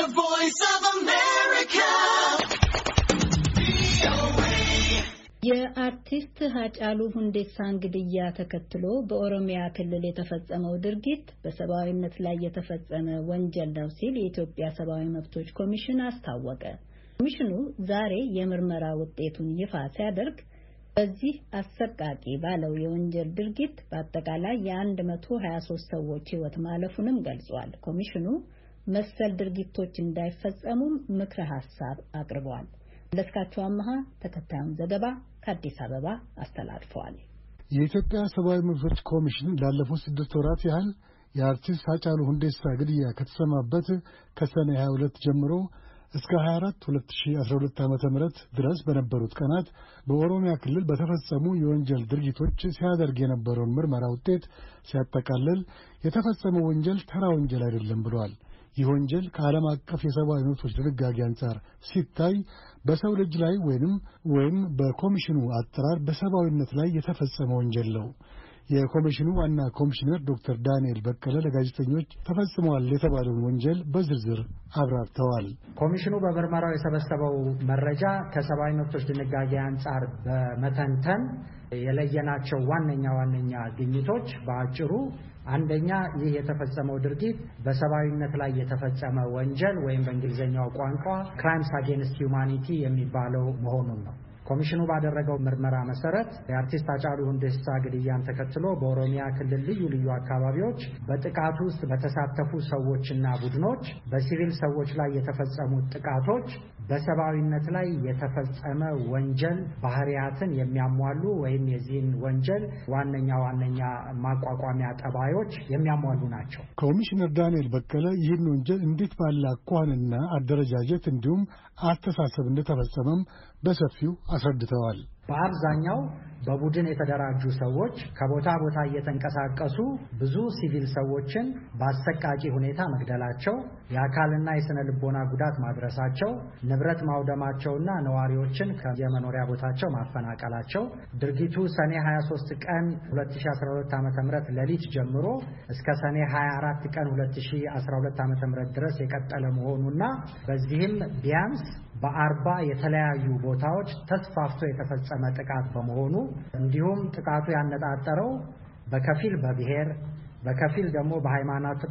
The Voice of America. የአርቲስት ሀጫሉ ሁንዴሳን ግድያ ተከትሎ በኦሮሚያ ክልል የተፈጸመው ድርጊት በሰብአዊነት ላይ የተፈጸመ ወንጀል ነው ሲል የኢትዮጵያ ሰብአዊ መብቶች ኮሚሽን አስታወቀ። ኮሚሽኑ ዛሬ የምርመራ ውጤቱን ይፋ ሲያደርግ በዚህ አሰቃቂ ባለው የወንጀል ድርጊት በአጠቃላይ የ123 ሰዎች ሕይወት ማለፉንም ገልጿል። ኮሚሽኑ መሰል ድርጊቶች እንዳይፈጸሙም ምክረ ሀሳብ አቅርበዋል። መለስካቸው አመሃ ተከታዩን ዘገባ ከአዲስ አበባ አስተላልፈዋል። የኢትዮጵያ ሰብአዊ መብቶች ኮሚሽን ላለፉት ስድስት ወራት ያህል የአርቲስት አጫሉ ሁንዴሳ ግድያ ከተሰማበት ከሰኔ 22 ጀምሮ እስከ 24 2012 ዓ ም ድረስ በነበሩት ቀናት በኦሮሚያ ክልል በተፈጸሙ የወንጀል ድርጊቶች ሲያደርግ የነበረውን ምርመራ ውጤት ሲያጠቃልል የተፈጸመው ወንጀል ተራ ወንጀል አይደለም ብሏል። ይህ ወንጀል ከዓለም አቀፍ የሰብአዊ መብቶች ድንጋጌ አንጻር ሲታይ በሰው ልጅ ላይ ወይንም ወይም በኮሚሽኑ አጠራር በሰብአዊነት ላይ የተፈጸመ ወንጀል ነው የኮሚሽኑ ዋና ኮሚሽነር ዶክተር ዳንኤል በቀለ ለጋዜጠኞች ተፈጽመዋል የተባለውን ወንጀል በዝርዝር አብራርተዋል። ኮሚሽኑ በምርመራው የሰበሰበው መረጃ ከሰብአዊ መብቶች ድንጋጌ አንጻር በመተንተን የለየናቸው ዋነኛ ዋነኛ ግኝቶች በአጭሩ አንደኛ፣ ይህ የተፈጸመው ድርጊት በሰብአዊነት ላይ የተፈጸመ ወንጀል ወይም በእንግሊዝኛው ቋንቋ ክራይምስ አጌንስት ሁማኒቲ የሚባለው መሆኑን ነው። ኮሚሽኑ ባደረገው ምርመራ መሰረት የአርቲስት ሃጫሉ ሁንዴሳ ግድያን ተከትሎ በኦሮሚያ ክልል ልዩ ልዩ አካባቢዎች በጥቃት ውስጥ በተሳተፉ ሰዎችና ቡድኖች በሲቪል ሰዎች ላይ የተፈጸሙት ጥቃቶች በሰብአዊነት ላይ የተፈጸመ ወንጀል ባህሪያትን የሚያሟሉ ወይም የዚህን ወንጀል ዋነኛ ዋነኛ ማቋቋሚያ ጠባዮች የሚያሟሉ ናቸው። ኮሚሽነር ዳንኤል በቀለ ይህን ወንጀል እንዴት ባለ አኳኋንና አደረጃጀት እንዲሁም አስተሳሰብ እንደተፈጸመም በሰፊው አስረድተዋል። በአብዛኛው በቡድን የተደራጁ ሰዎች ከቦታ ቦታ እየተንቀሳቀሱ ብዙ ሲቪል ሰዎችን በአሰቃቂ ሁኔታ መግደላቸው፣ የአካልና የሥነ ልቦና ጉዳት ማድረሳቸው፣ ንብረት ማውደማቸውና ነዋሪዎችን ከየመኖሪያ ቦታቸው ማፈናቀላቸው ድርጊቱ ሰኔ 23 ቀን 2012 ዓ.ም ሌሊት ጀምሮ እስከ ሰኔ 24 ቀን 2012 ዓ.ም ድረስ የቀጠለ መሆኑና በዚህም ቢያንስ በአርባ የተለያዩ ቦታዎች ተስፋፍቶ የተፈጸመ ጥቃት በመሆኑ እንዲሁም ጥቃቱ ያነጣጠረው በከፊል በብሔር በከፊል ደግሞ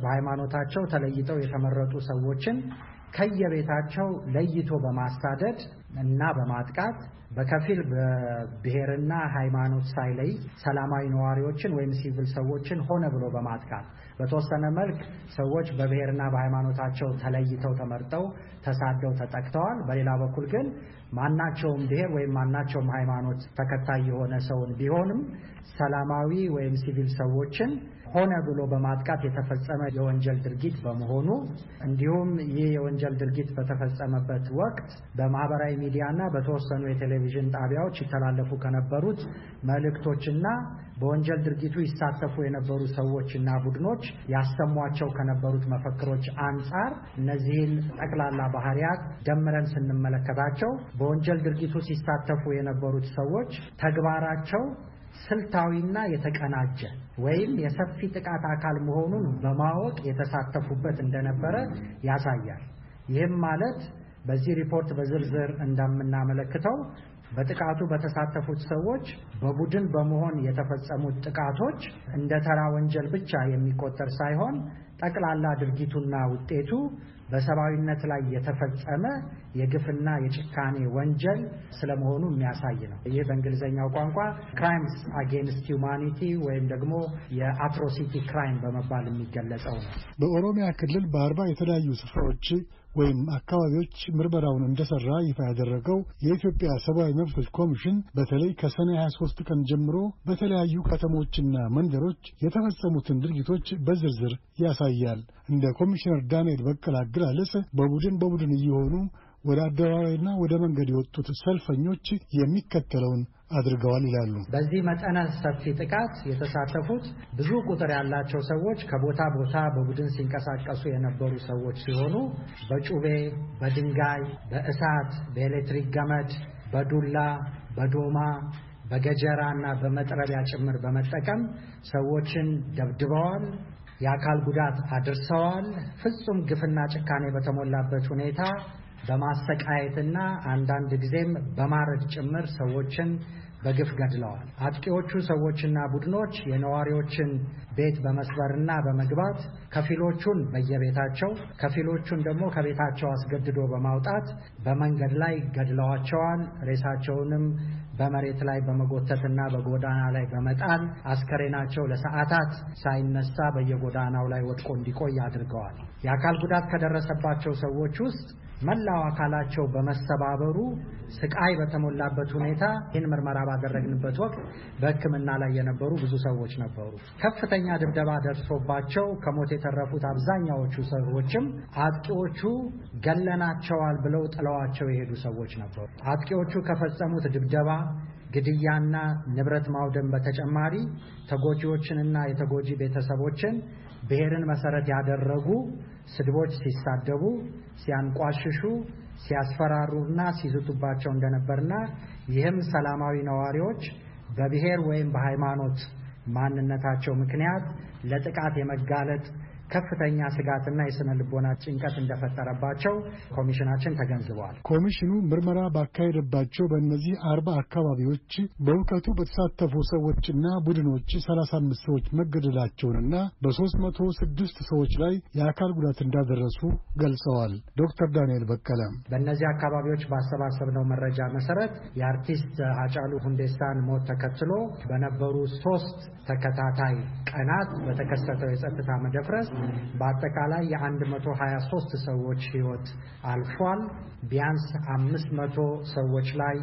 በሃይማኖታቸው ተለይተው የተመረጡ ሰዎችን ከየቤታቸው ለይቶ በማሳደድ እና በማጥቃት በከፊል በብሔርና ሃይማኖት ሳይለይ ሰላማዊ ነዋሪዎችን ወይም ሲቪል ሰዎችን ሆነ ብሎ በማጥቃት በተወሰነ መልክ ሰዎች በብሔርና በሃይማኖታቸው ተለይተው ተመርጠው ተሳደው ተጠቅተዋል። በሌላ በኩል ግን ማናቸውም ብሔር ወይም ማናቸውም ሃይማኖት ተከታይ የሆነ ሰውን ቢሆንም ሰላማዊ ወይም ሲቪል ሰዎችን ሆነ ብሎ በማጥቃት የተፈጸመ የወንጀል ድርጊት በመሆኑ እንዲሁም ይህ የወንጀል ድርጊት በተፈጸመበት ወቅት በማህበራዊ ሚዲያና በተወሰኑ የቴሌቪ ቴሌቪዥን ጣቢያዎች ይተላለፉ ከነበሩት መልእክቶችና በወንጀል ድርጊቱ ይሳተፉ የነበሩ ሰዎችና ቡድኖች ያሰሟቸው ከነበሩት መፈክሮች አንጻር እነዚህን ጠቅላላ ባህሪያት ደምረን ስንመለከታቸው በወንጀል ድርጊቱ ሲሳተፉ የነበሩት ሰዎች ተግባራቸው ስልታዊና የተቀናጀ ወይም የሰፊ ጥቃት አካል መሆኑን በማወቅ የተሳተፉበት እንደነበረ ያሳያል። ይህም ማለት በዚህ ሪፖርት በዝርዝር እንደምናመለክተው በጥቃቱ በተሳተፉት ሰዎች በቡድን በመሆን የተፈጸሙት ጥቃቶች እንደ ተራ ወንጀል ብቻ የሚቆጠር ሳይሆን ጠቅላላ ድርጊቱና ውጤቱ በሰብአዊነት ላይ የተፈጸመ የግፍና የጭካኔ ወንጀል ስለመሆኑ የሚያሳይ ነው። ይህ በእንግሊዝኛው ቋንቋ ክራይምስ አጌንስት ዩማኒቲ ወይም ደግሞ የአትሮሲቲ ክራይም በመባል የሚገለጸው ነው። በኦሮሚያ ክልል በአርባ የተለያዩ ስፍራዎች ወይም አካባቢዎች ምርመራውን እንደሰራ ይፋ ያደረገው የኢትዮጵያ ሰብአዊ መብቶች ኮሚሽን በተለይ ከሰኔ 23 ቀን ጀምሮ በተለያዩ ከተሞችና መንደሮች የተፈጸሙትን ድርጊቶች በዝርዝር ያሳያል። እንደ ኮሚሽነር ዳንኤል በቀለ አገላለጽ በቡድን በቡድን እየሆኑ ወደ አደባባይና ወደ መንገድ የወጡት ሰልፈኞች የሚከተለውን አድርገዋል ይላሉ። በዚህ መጠነ ሰፊ ጥቃት የተሳተፉት ብዙ ቁጥር ያላቸው ሰዎች ከቦታ ቦታ በቡድን ሲንቀሳቀሱ የነበሩ ሰዎች ሲሆኑ በጩቤ፣ በድንጋይ፣ በእሳት፣ በኤሌክትሪክ ገመድ፣ በዱላ፣ በዶማ፣ በገጀራ እና በመጥረቢያ ጭምር በመጠቀም ሰዎችን ደብድበዋል። የአካል ጉዳት አድርሰዋል። ፍጹም ግፍና ጭካኔ በተሞላበት ሁኔታ በማሰቃየትና አንዳንድ ጊዜም በማረድ ጭምር ሰዎችን በግፍ ገድለዋል። አጥቂዎቹ ሰዎችና ቡድኖች የነዋሪዎችን ቤት በመስበርና በመግባት ከፊሎቹን በየቤታቸው ከፊሎቹን ደግሞ ከቤታቸው አስገድዶ በማውጣት በመንገድ ላይ ገድለዋቸዋል። ሬሳቸውንም በመሬት ላይ በመጎተትና በጎዳና ላይ በመጣል አስከሬናቸው ለሰዓታት ሳይነሳ በየጎዳናው ላይ ወድቆ እንዲቆይ አድርገዋል። የአካል ጉዳት ከደረሰባቸው ሰዎች ውስጥ መላው አካላቸው በመሰባበሩ ስቃይ በተሞላበት ሁኔታ ይህን ምርመራ ባደረግንበት ወቅት በሕክምና ላይ የነበሩ ብዙ ሰዎች ነበሩ። ከፍተኛ ድብደባ ደርሶባቸው ከሞት የተረፉት አብዛኛዎቹ ሰዎችም አጥቂዎቹ ገለናቸዋል ብለው ጥለዋቸው የሄዱ ሰዎች ነበሩ። አጥቂዎቹ ከፈጸሙት ድብደባ ግድያና ንብረት ማውደም በተጨማሪ ተጎጂዎችንና የተጎጂ ቤተሰቦችን ብሔርን መሰረት ያደረጉ ስድቦች ሲሳደቡ፣ ሲያንቋሽሹ፣ ሲያስፈራሩና ሲዝቱባቸው እንደነበርና ይህም ሰላማዊ ነዋሪዎች በብሔር ወይም በሃይማኖት ማንነታቸው ምክንያት ለጥቃት የመጋለጥ ከፍተኛ ስጋትና የስነ ልቦና ጭንቀት እንደፈጠረባቸው ኮሚሽናችን ተገንዝበዋል። ኮሚሽኑ ምርመራ ባካሄደባቸው በእነዚህ አርባ አካባቢዎች በእውቀቱ በተሳተፉ ሰዎችና ቡድኖች አምስት ሰዎች መገደላቸውንና በ ስድስት ሰዎች ላይ የአካል ጉዳት እንዳደረሱ ገልጸዋል። ዶክተር ዳንኤል በቀለ በእነዚህ አካባቢዎች ባሰባሰብነው መረጃ መሰረት የአርቲስት አጫሉ ሁንዴሳን ሞት ተከትሎ በነበሩ ሶስት ተከታታይ ቀናት በተከሰተው የጸጥታ መደፍረስ በአጠቃላይ የ123 ሰዎች ሕይወት አልፏል። ቢያንስ 500 ሰዎች ላይ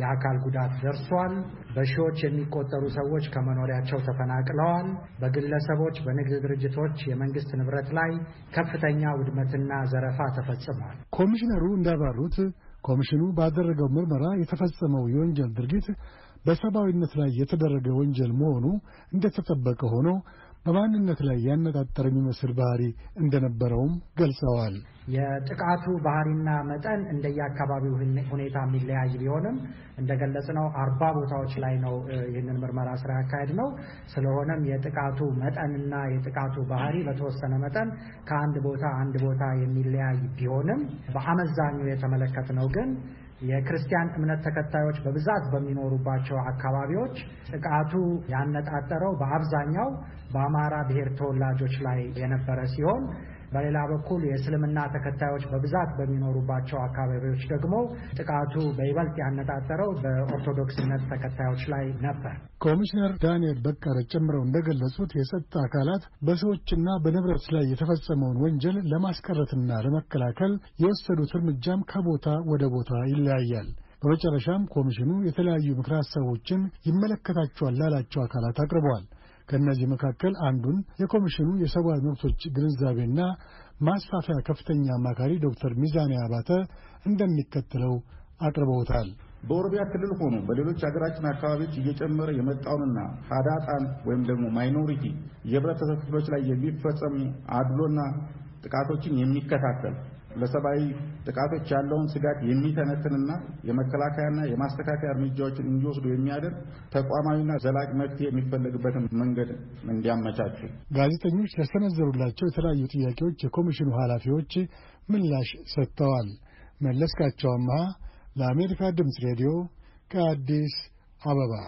የአካል ጉዳት ደርሷል። በሺዎች የሚቆጠሩ ሰዎች ከመኖሪያቸው ተፈናቅለዋል። በግለሰቦች፣ በንግድ ድርጅቶች የመንግስት ንብረት ላይ ከፍተኛ ውድመትና ዘረፋ ተፈጽሟል። ኮሚሽነሩ እንዳብራሩት ኮሚሽኑ ባደረገው ምርመራ የተፈጸመው የወንጀል ድርጊት በሰብአዊነት ላይ የተደረገ ወንጀል መሆኑ እንደተጠበቀ ሆኖ በማንነት ላይ ያነጣጠረ የሚመስል ባህሪ እንደነበረውም ገልጸዋል። የጥቃቱ ባህሪና መጠን እንደየአካባቢው ሁኔታ የሚለያይ ቢሆንም እንደገለጽ ነው አርባ ቦታዎች ላይ ነው ይህንን ምርመራ ስራ ያካሄድ ነው። ስለሆነም የጥቃቱ መጠንና የጥቃቱ ባህሪ በተወሰነ መጠን ከአንድ ቦታ አንድ ቦታ የሚለያይ ቢሆንም በአመዛኙ የተመለከት ነው ግን የክርስቲያን እምነት ተከታዮች በብዛት በሚኖሩባቸው አካባቢዎች ጥቃቱ ያነጣጠረው በአብዛኛው በአማራ ብሔር ተወላጆች ላይ የነበረ ሲሆን በሌላ በኩል የእስልምና ተከታዮች በብዛት በሚኖሩባቸው አካባቢዎች ደግሞ ጥቃቱ በይበልጥ ያነጣጠረው በኦርቶዶክስ እምነት ተከታዮች ላይ ነበር። ኮሚሽነር ዳንኤል በቀለ ጨምረው እንደገለጹት የጸጥታ አካላት በሰዎችና በንብረት ላይ የተፈጸመውን ወንጀል ለማስቀረትና ለመከላከል የወሰዱት እርምጃም ከቦታ ወደ ቦታ ይለያያል። በመጨረሻም ኮሚሽኑ የተለያዩ ምክረ ሀሳቦችን ይመለከታቸዋል ላላቸው አካላት አቅርበዋል። ከእነዚህ መካከል አንዱን የኮሚሽኑ የሰብአዊ መብቶች ግንዛቤና ማስፋፊያ ከፍተኛ አማካሪ ዶክተር ሚዛኔ አባተ እንደሚከተለው አቅርበውታል። በኦሮሚያ ክልል ሆኖ በሌሎች ሀገራችን አካባቢዎች እየጨመረ የመጣውንና ሀዳጣን ወይም ደግሞ ማይኖሪቲ የህብረተሰብ ክፍሎች ላይ የሚፈጸሙ አድሎና ጥቃቶችን የሚከታተል ለሰብአዊ ጥቃቶች ያለውን ስጋት የሚተነትንና የመከላከያና የማስተካከያ እርምጃዎችን እንዲወስዱ የሚያደርግ ተቋማዊና ዘላቂ መፍትሄ የሚፈለግበትን መንገድ እንዲያመቻቹ ጋዜጠኞች ለሰነዘሩላቸው የተለያዩ ጥያቄዎች የኮሚሽኑ ኃላፊዎች ምላሽ ሰጥተዋል። መለስካቸው አምሃ ለአሜሪካ ድምፅ ሬዲዮ ከአዲስ አበባ